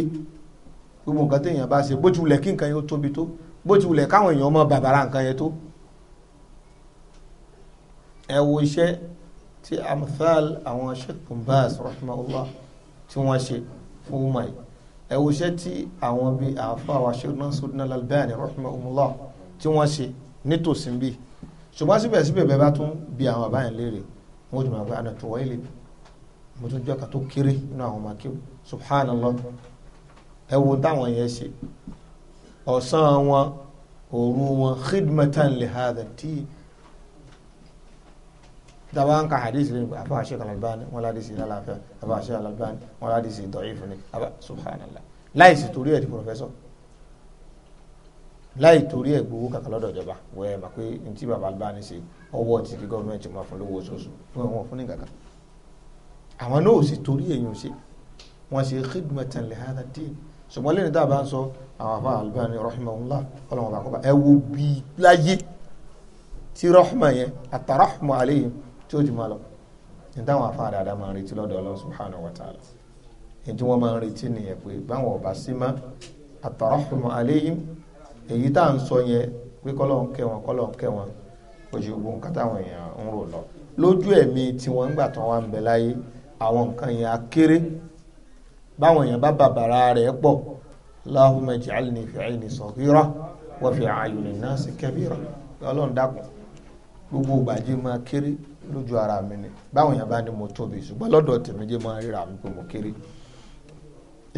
gbogbo nǹkan téèyàn bá ṣe bójú lẹ̀ nǹkan yóò tóbi tó bó ti wulẹ̀ káwọn èèyàn mọ bàbàrà nǹkan yẹn tó ẹ wo iṣẹ́ tí amthal àwọn sheikh bumbaz rahimahullah tí wọ́n ṣe fún umar ẹ wo iṣẹ́ tí àwọn bíi àáfàá wa sheikh Nasruddin albani rahimahullah tí wọ́n ṣe nítòsí bíi ṣùgbọ́n síbẹ̀síbẹ̀ bẹ́ẹ̀ bá tún bí àwọn àbáyẹn léèrè wọ́n tún máa bá àna tó wáyé lè mo tún jọ́ ka tó kéré nínú àwọn ọmọ akéwì subhanallah ẹ wo táwọn yẹn ṣe ọ̀sán wọn òru wọn khidmatan li hadha ad-din dábàá ń ka hadith lẹ́nu pé àbá àṣẹ al-Albani wọn láti ṣe lálàáfíà àbá àṣẹ al-Albani wọn láti ṣe da'if ni àbá subhanallah láì sì torí ẹ̀ di pòfẹ́sọ̀ láì torí ẹ̀ gbowó kàkà lọ́dọ̀ ìjọba wẹ́ẹ́ mà pé ntí bàbá Albani ṣe ọwọ́ ti fi gọ́ọ̀mẹ̀ntì máa fún lówó oṣooṣù wọ́n wọ́n fún kankan àwọn náà ò sì torí èèyàn ṣe wọ́n ṣe khidmatan li hadha ad-din ṣùgbọ́n lẹ́ni tá a bá àwọn afá Albani rahimahullah ọlọ́run bá kọ́ba ẹ wo bí láyé tí rahma yẹn àtàràhùmọ àléyìn tí ó jù máa lọ ní táwọn afá dáadáa máa ń retí lọ́dọ̀ ọlọ́run subhanahu wa ta'ala ètò wọn máa ń retí nìyẹn pé báwọn ọba sí má àtàràhùmọ àléyìn èyí tá à ń sọ yẹn pé kọ́lọ́n kẹ́ wọn kọ́lọ́n kẹ́ oṣù gbogbo nǹkan táwọn èèyàn ń rò lọ lójú ẹ̀mí tí wọ́n ń gbà tán wá ń bẹ láyé àwọn nǹkan yẹn á báwọn èèyàn bá bàbàrà rẹ̀ pọ̀ اللهم اجعلني في عيني صغيرة وفي عيون الناس كبيرة ọlọ́run dákun gbogbo gbàjẹ́ máa kéré lójú ara mi ni báwọn yẹn bá ní mo tóbi ṣùgbọ́n lọ́dọ̀ tèmi jẹ́ máa ríra mi pé mo kéré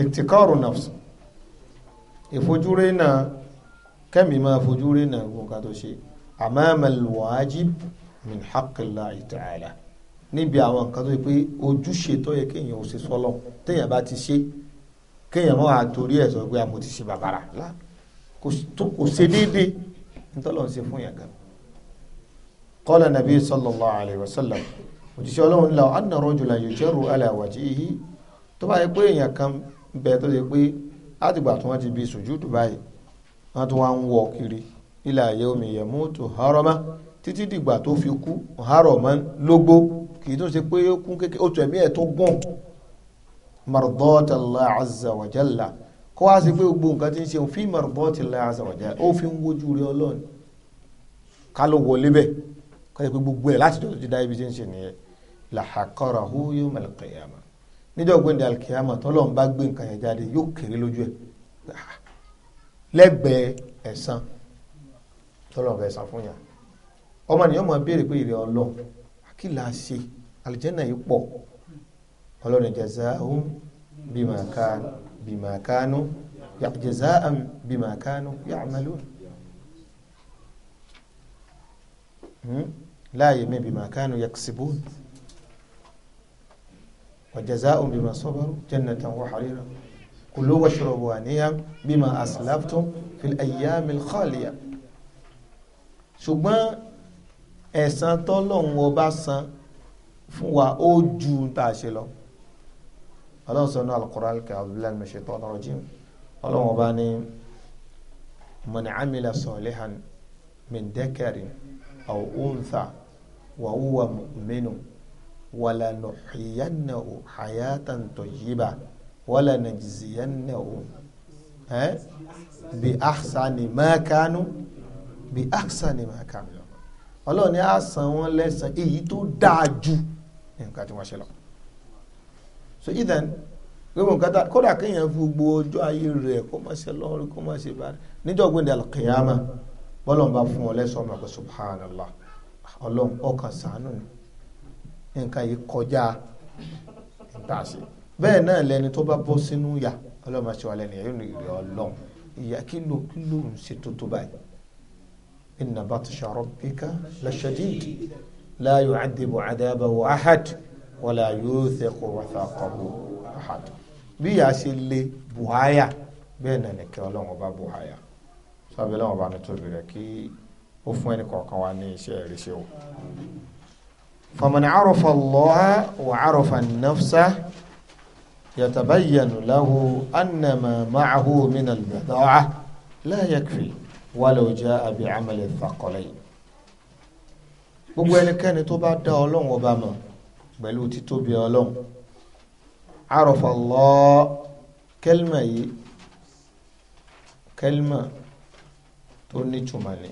ìtìkọ́rù nafsi ìfojúrí náà kẹ́mi máa fojúrí náà gbogbo ká tó ṣe amama al min haqqillahi ta'ala níbi àwọn nǹkan tó yẹ pé ojúṣe tó yẹ kéèyàn ò ṣe sọ́lọ́ téèyàn bá ti ṣe é kéèyàn mọ́ àtòrí ẹ̀ sọ pé mo ti ṣe bàbàrà lá kò ṣe déédéé nítọ́lọ́ ń ṣe fún yàn gan. qala nabi sallallahu alayhi wa sallam òjíṣẹ́ ọlọ́run la anna rajulan yujru ala wajhihi tó bá yẹ pé èèyàn kan bẹ tó ṣe pé látìgbà tí wọ́n ti bi sùjúdù báyìí wọ́n tún ń wọ kiri ila títí dìgbà tó fi kú harama lógbó kì í tún ṣe pé ó kún kékeré ó tún ẹ̀mí ẹ̀ tó mardọ́tà Allah azza wa jalla kó wá sí pé gbogbo nǹkan tí ń ṣe òfin mardọ́tà Allah azza wa jalla ó fi ń wojú rí ọlọ́run ká ló wọlé bẹ́ẹ̀ ká yẹ pé gbogbo ẹ̀ láti dọ̀tí dá ibi tí ń ṣe nìyẹn làhàkọ́ra hu yóò mẹ́lẹ̀ kẹ̀yàmà níjọ́ gbẹ̀ndẹ̀ alkiyama tọ́lọ́run bá gbé nǹkan yẹn jáde yóò kéré lójú ẹ̀ lẹ́gbẹ̀ẹ́ ẹ̀san tọ́lọ́run fẹ́ san fún yàn ọmọ nìyẹn mọ̀ béèrè pé ìrẹ̀ ọlọ́run kí là á ṣe àlùjẹ́nà yìí pọ̀ ọlọ́run jaza'ahum bima kanu bima kanu jaza'an bima kanu ya'malun hmm? láàyè mi bima kanu yaksibun wa jaza'ahum bima sabaru jannatan wa harira kulu washrabu àníyàn bima aslaftum fil ayyamil khaliya ṣùgbọ́n ẹ̀san tọ́lọ́run ọba san fún wa ó ju tá lọ ọlọ́run sọ ní al-Qur'an kàbílán mẹ́ṣẹ̀tọ́ ọ̀nàrọ̀jìm ọlọ́run ọba ní man amila salihan min dhakarin aw untha wa huwa mu'minun walanuhyiyannahu hayatan tayyiba walanajziyannahu bi ahsani ma kanu bi ahsani ma kanu ọlọ́run ní a san wọ́n lẹ́san èyí tó dáa ju nǹkan tí wọ́n ṣe lọ so idan gbogbo nǹkan tá kódà kéèyàn fi gbogbo ọjọ́ ayé rẹ̀ kó má ṣe lọ́rùn kó má ṣe bàrẹ̀ níjọ́ gbẹ̀dẹ̀ alqiyama bọ́lọ̀ ń bá fún ọ lẹ́sọ̀ ọmọ ẹ̀kọ́ subhanallah ọlọ́run ọkàn sànù nǹkan yìí kọjá ìta ṣe bẹ́ẹ̀ náà lẹni tó bá bọ́ sínú yà ọlọ́run àti wàlẹ́ nìyẹn yóò rí ọlọ́run ìyá kí ló kí ló ń ṣe tó báyìí inna batsha rabbika lashadid la yu'adhibu 'adhabahu ahad wala yuthiqu wathaqahu ahad bí ìyá ṣe lé buhaya bẹ́ẹ̀ náà nìkẹ́ ọlọ́run ọba buhaya sábẹ́ ọlọ́run ọba nítorí rẹ̀ kí ó fún ẹnì kọ̀ọ̀kan wa ní iṣẹ́ ìrìṣẹ́ o. faman arafa Allaha wa arafa an-nafsa yatabayyanu lahu annama ma'ahu min al-bida'ah la yakfi walaw ja'a bi'amali gbogbo ẹnikẹ́ni tó bá dá ọlọ́run ọba mọ̀ pẹ̀lú títóbi ọlọ́run arọ̀fà lọ kẹlmà yìí kẹlmà tó ní nítumọ̀ ni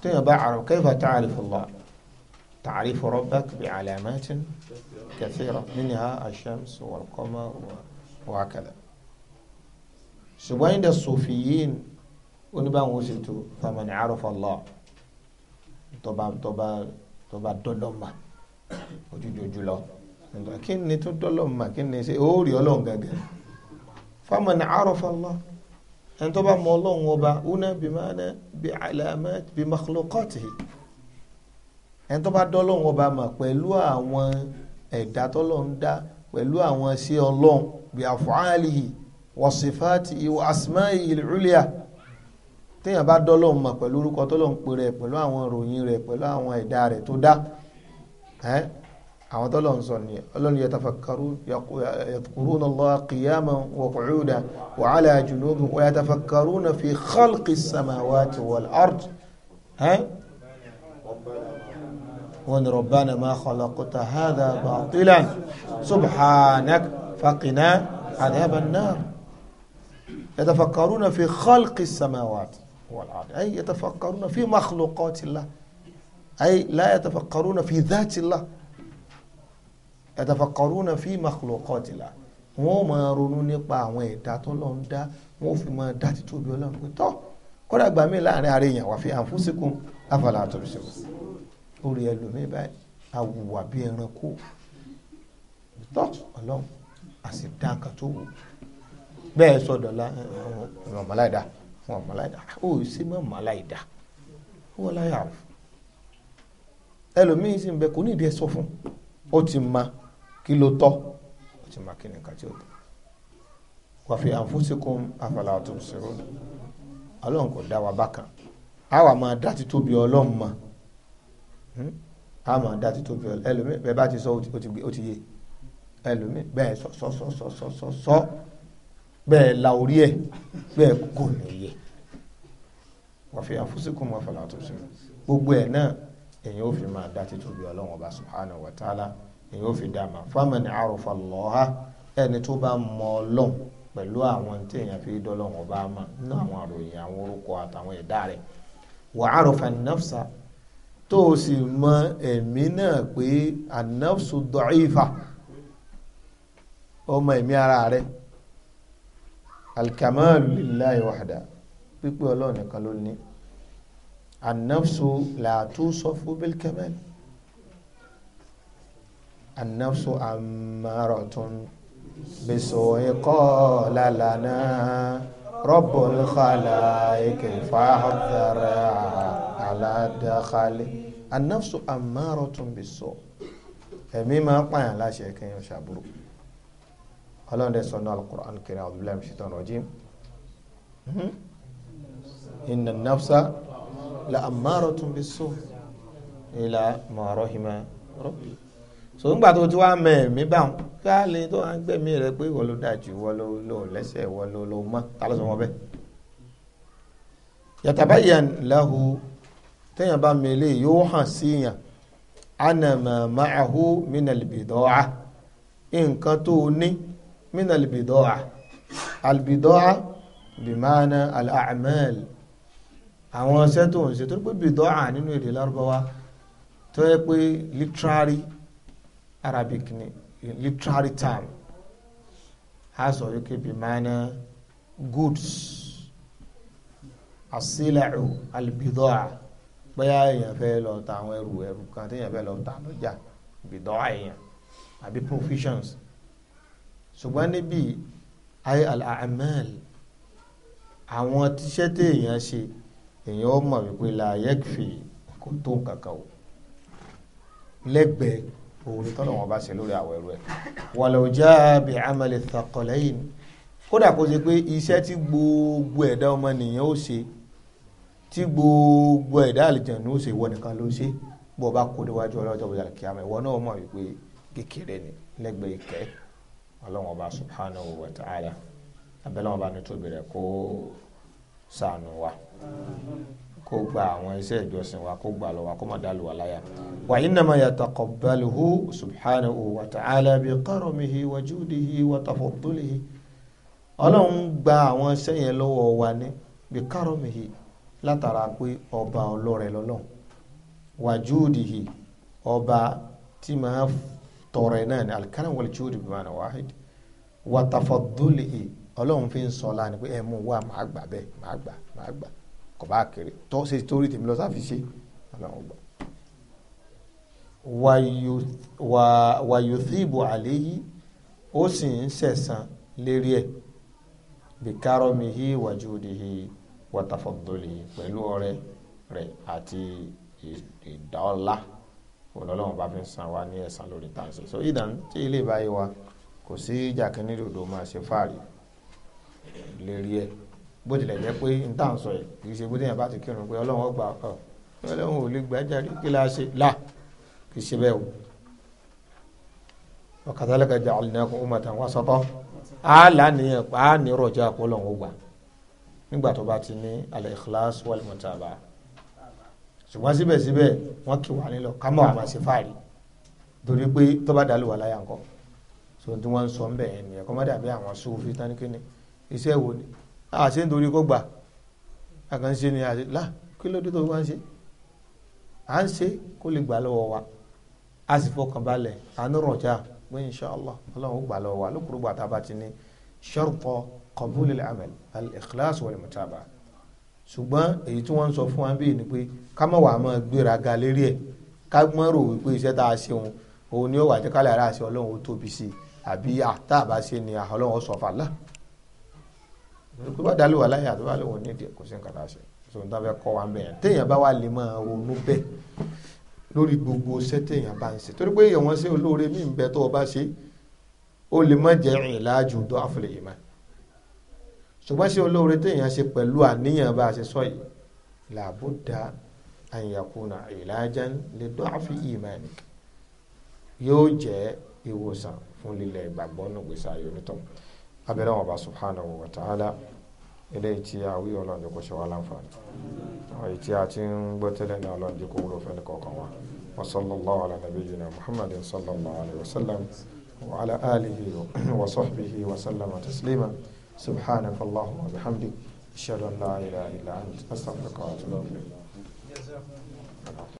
téèyàn bá àrò kẹfà kayfa ta'rifu Allah ta'rifu rabbak bi'alamatin kathira minha ash-shams wal-qamar wa kẹlẹ̀ ṣùgbọ́n yìí dẹ̀ sọ̀fì yìí ní oníbàwọn oṣù tó faman arafa Allah tọba tọba tọba dọ́dọ́ máa. [coughs] odidi ojú lọ kí ni tó dọ́lọ́ mà kí ni ṣe ó rí ọlọ́run gẹ́gẹ́ faman arafa Allah ẹni tó bá mọ ọlọ́run ọba una bimana bi alamat bi makhluqatihi ẹni tó bá dọ́lọ́run ọba mà pẹ̀lú àwọn ẹ̀dá tọ́lọ́run dá pẹ̀lú àwọn sí ọlọ́run bi af'alihi wa sifatihi wa asma'ihi al-ulya téèyàn bá dọ́lọ́run mà pẹ̀lú orúkọ tọ́lọ́run pè rẹ̀ pẹ̀lú àwọn ìròyìn rẹ̀ pẹ̀lú àwọn tó dá ẹ́ àwọn tó lọ́n sọ ni ọlọ́run yatafakkarun yadhkuruna Allaha qiyaman wa qu'udan wa ala junubihim wa yatafakkaruna fi khalqis samawati wal ard ẹ́ wọ́n ni rabbana ma khalaqta hadha batilan subhanak faqina adhaban nar يتفكرون في خلق السماوات والأرض أي يتفكرون في مخلوقات الله أي لا يتفكرون في ذات الله يتفكرون في مخلوقات الله wọ́n máa ronú nípa àwọn ẹ̀dá t'Ọlọ́run dá wọ́n fi máa dá títóbi Ọlọ́run pé tọ́ kódà gbà mí láàrin ara èèyàn wà fi àǹfùsíkùn àfàlà àtọ̀rọ̀ṣẹ̀wò orí ẹlòmíín báyìí àwùwà bíi ẹranko tọ́ Ọlọ́run a sì dá nǹkan tó wù bẹ́ẹ̀ sọ̀dọ̀ la ọmọ ó sì mọ̀ ọmọ ó wọ́n láyà àwọn ẹlòmíín sì ń bẹ kò ní ìdí ẹ sọ fún ó ti ma kí ló tọ́ ó ti ma kí ni nǹkan tí ó tọ́ wà fi àǹfóṣekún àfàlà àtúnṣerò ọlọ́run kò dá wa bákan a wà máa dá títóbi ọlọ́run mọ́ hmm? a máa dá títóbi ọlọ́run ẹlòmíín bẹ́ẹ̀ bá ti sọ ó ti yé ẹlòmíín bẹ́ẹ̀ sọ sọ sọ sọ sọ sọ sọ la orí ẹ̀ bẹ́ẹ̀ kò ní yẹ wà fi àǹfóṣekún àfàlà àtúnṣerò gbogbo ẹ̀ náà èyí ò fi máa dá títóbi ọlọ́run ọba subhanahu wa ta'ala èyí ò fi dá ma faman arafa Allaha ẹni tó bá mọ ọlọ́run pẹ̀lú àwọn tí èèyàn fi dọ́lọ́run ọba ma nínú àwọn àròyìn àwọn orúkọ àtàwọn ẹ̀dá rẹ̀ wa arafa nafsa tó o sì mọ ẹ̀mí náà pé an-nafsu ọmọ ẹ̀mí ara rẹ̀ al-kamalu lillahi pípé ọlọ́run ló ní anafsu làtú sọfún bilkamal anafsu amaratun bisoyi kọ́ọ̀lá lana rabbul khalaiki fahdara ala dakhali anafsu amaratun biso ẹ̀mí máa ń pààyàn láṣẹ kẹyàn ṣàbúrò ọlọ́run dẹ̀ sọ ní alukur'an kiri àwọn ọdún lẹ́yìn ṣètò ọ̀rọ̀ jim inna nafsa la ammaratun bis-su ila ma rahima rabbi so ńgbà tó ti wá mẹ́ẹ̀mí báwọn kí á lè tó à ń gbẹ̀mí rẹ pé ìwọ ló dájú ìwọ ló lò lẹ́sẹ̀ ìwọ ló lò mọ́ ta ló sọ wọn bẹ́ẹ̀. yatabayyan lahu téèyàn bá mi lè yóò hàn síyàn anama ma'ahu minal bido'a nǹkan tó o ní minal bido'a al bido'a bimana al a'mal àwọn iṣẹ́ tó ń ṣe tó pé bìdọ́à nínú èdè lárúbáwá tó yẹ pé literary arabic ni literary term a sọ yìí kébì mana goods asilacu albidoa bóyá èèyàn fẹ́ lọ ta àwọn ẹrù ẹrù kan téèyàn fẹ́ lọ ta lọ́jà bidoa èèyàn àbí provisions ṣùgbọ́n níbí ayé al àwọn tíṣẹ́ téèyàn ṣe èèyàn ó mọ̀ wípé láyẹ́kfì kò tó nǹkan kan o lẹ́gbẹ̀ẹ́ òun tọ́lọ̀ wọn bá ṣe lórí àwọ̀ ẹ̀rọ ẹ̀ walau jaa bi amali thaqalayn kódà kó ṣe pé iṣẹ́ tí gbogbo ẹ̀dá ọmọnìyàn ó ṣe tí gbogbo ẹ̀dá àlìjẹ̀nù ó ṣe ìwọ nìkan ló ṣe bó o bá kó níwájú ọlọ́jọ́ bóyá kí a mọ̀ náà mọ̀ wípé kékeré ni lẹ́gbẹ̀ẹ́ ìkẹ́ ọlọ́wọ́n ọba subhanahu wa ta'ala abẹ́lẹ́wọ̀n ọba nítorí rẹ̀ kó ṣàánú wa kó gba àwọn iṣẹ́ ìjọsìn wa kó gbà lọ́wọ́ kó má dá lù wá láyà wa innama yataqabbaluhu subhanahu wa ta'ala bi karamihi wa judihi wa tafaddulihi ọlọ́run gba àwọn iṣẹ́ yẹn lọ́wọ́ wa ní bi karamihi látara pé ọba ọlọ́rẹ̀ lọ́lọ́run wa judihi ọba tí màá tọrẹ náà ni alikaram wal judi bi ma'na wahid wa tafaddulihi ọlọ́run fi ń sọ láàánú pé ẹ mú wa màá gbà bẹ́ẹ̀ màá gbà màá gbà kò bá kéré tó ṣe torí tèmi lọ sáfi ṣe ọlọ́run gbà. wàyòtìbò àléyí ó sì ń ṣẹ̀san lérí ẹ̀ bìkárọ̀mìhì wàjúdìhì wàtàfọ̀dọ̀lì pẹ̀lú ọrẹ rẹ̀ àti ìdáọ́lá ọlọ́run bá fi san wa ní ẹ̀san lórí tàǹsì so ìdàn tí ilé ìbáyé wa kò sí ìjà kínní dòdò máa ṣe fáàrí lérí ẹ̀ bó tilẹ̀ jẹ́ pé n tà ń sọ yìí kì í ṣe bó tilẹ̀ bá ti kírun pé ọlọ́run ó ọ ọlọ́run ò lè gbà jáde kí la ṣe là kì í ṣe bẹ́ẹ̀ o wa kadhalika ja'alnakum ummatan wasata á lánìyàn pa á ní rọ̀jò àpọ̀lọ̀ ó gbà nígbà tó bá ti ní al-ikhlas wal-mutaba'ah ṣùgbọ́n síbẹ̀síbẹ̀ wọ́n kì wá nílọ ká mọ̀ àwọn àṣẹ fáàrí torí pé tó bá dàlú wà láyà ńkọ́ so tí wọ́n ń sọ ń bẹ̀ ẹ̀ nìyẹn kọ́mọ́dà bí àwọn sófin tánikẹ́ni iṣẹ́ wo ni àṣẹ nítorí kó gbà àkànṣe ni àṣẹ là kí ló dé tó bá ń ṣe à ń ṣe kó lè gbà lọ́wọ́ wa a sì fọkàn balẹ̀ àánú rọ̀jà pé insha allah ọlọ́run ó gbà lọ́wọ́ wa lókùrú gbà tá a bá ti ní sharta qabul al-amal al-ikhlas wal-mutaba ṣùgbọ́n èyí tí wọ́n ń sọ fún wa bíi ni pé ká má wàá máa gbéraga lérí ẹ̀ ká mọ́ rò wípé iṣẹ́ tá a ṣe òun òun ni ó wà jẹ́ ara àṣẹ ọlọ́run ó tóbi sí i àbí àtàbàṣe ni àhọ́lọ́run ó sọ fàlà pé bá dálé wà láyé àtúbà lòun ní ìdíyẹ kò sí nǹkan láṣẹ so n tábẹ kọ wa ń bẹyàn téèyàn bá wà lè máa ronú bẹ́ẹ̀ lórí gbogbo iṣẹ́ téèyàn bá ń ṣe torí pé èèyàn ṣe olóore mí bẹ tó o bá ṣe ó lè má jẹ ìrìn láàjù tó àfọlẹ yìí má ṣùgbọ́n ṣe olóore téèyàn ṣe pẹ̀lú àníyàn bá a ṣe sọ yìí làbúdà àyàkùnà ìlàjàn lè dọ́ àfi ìmánì yóò jẹ́ ìwòsàn fún lílẹ̀ ìgbàgbọ́ nùgbèsà yorùtọ̀ abẹ́rẹ́ wọn bá subhanahu wa ta'ala eléyìí tí a wí ọlọ́run jẹ́ kó ṣe wá láǹfààní àwọn èyí tí a ti ń gbọ́ tẹ́lẹ̀ náà ọlọ́run jẹ́ kó wúlò fẹ́ni kọ̀ọ̀kan wa wa sallallahu ala nabiyyina muhammadin sallallahu alayhi wa sallam wa ala alihi wa sahbihi wa sallama taslima subhanaka allahumma wa bihamdik ashhadu an la ilaha illa anta astaghfiruka wa atubu ilayk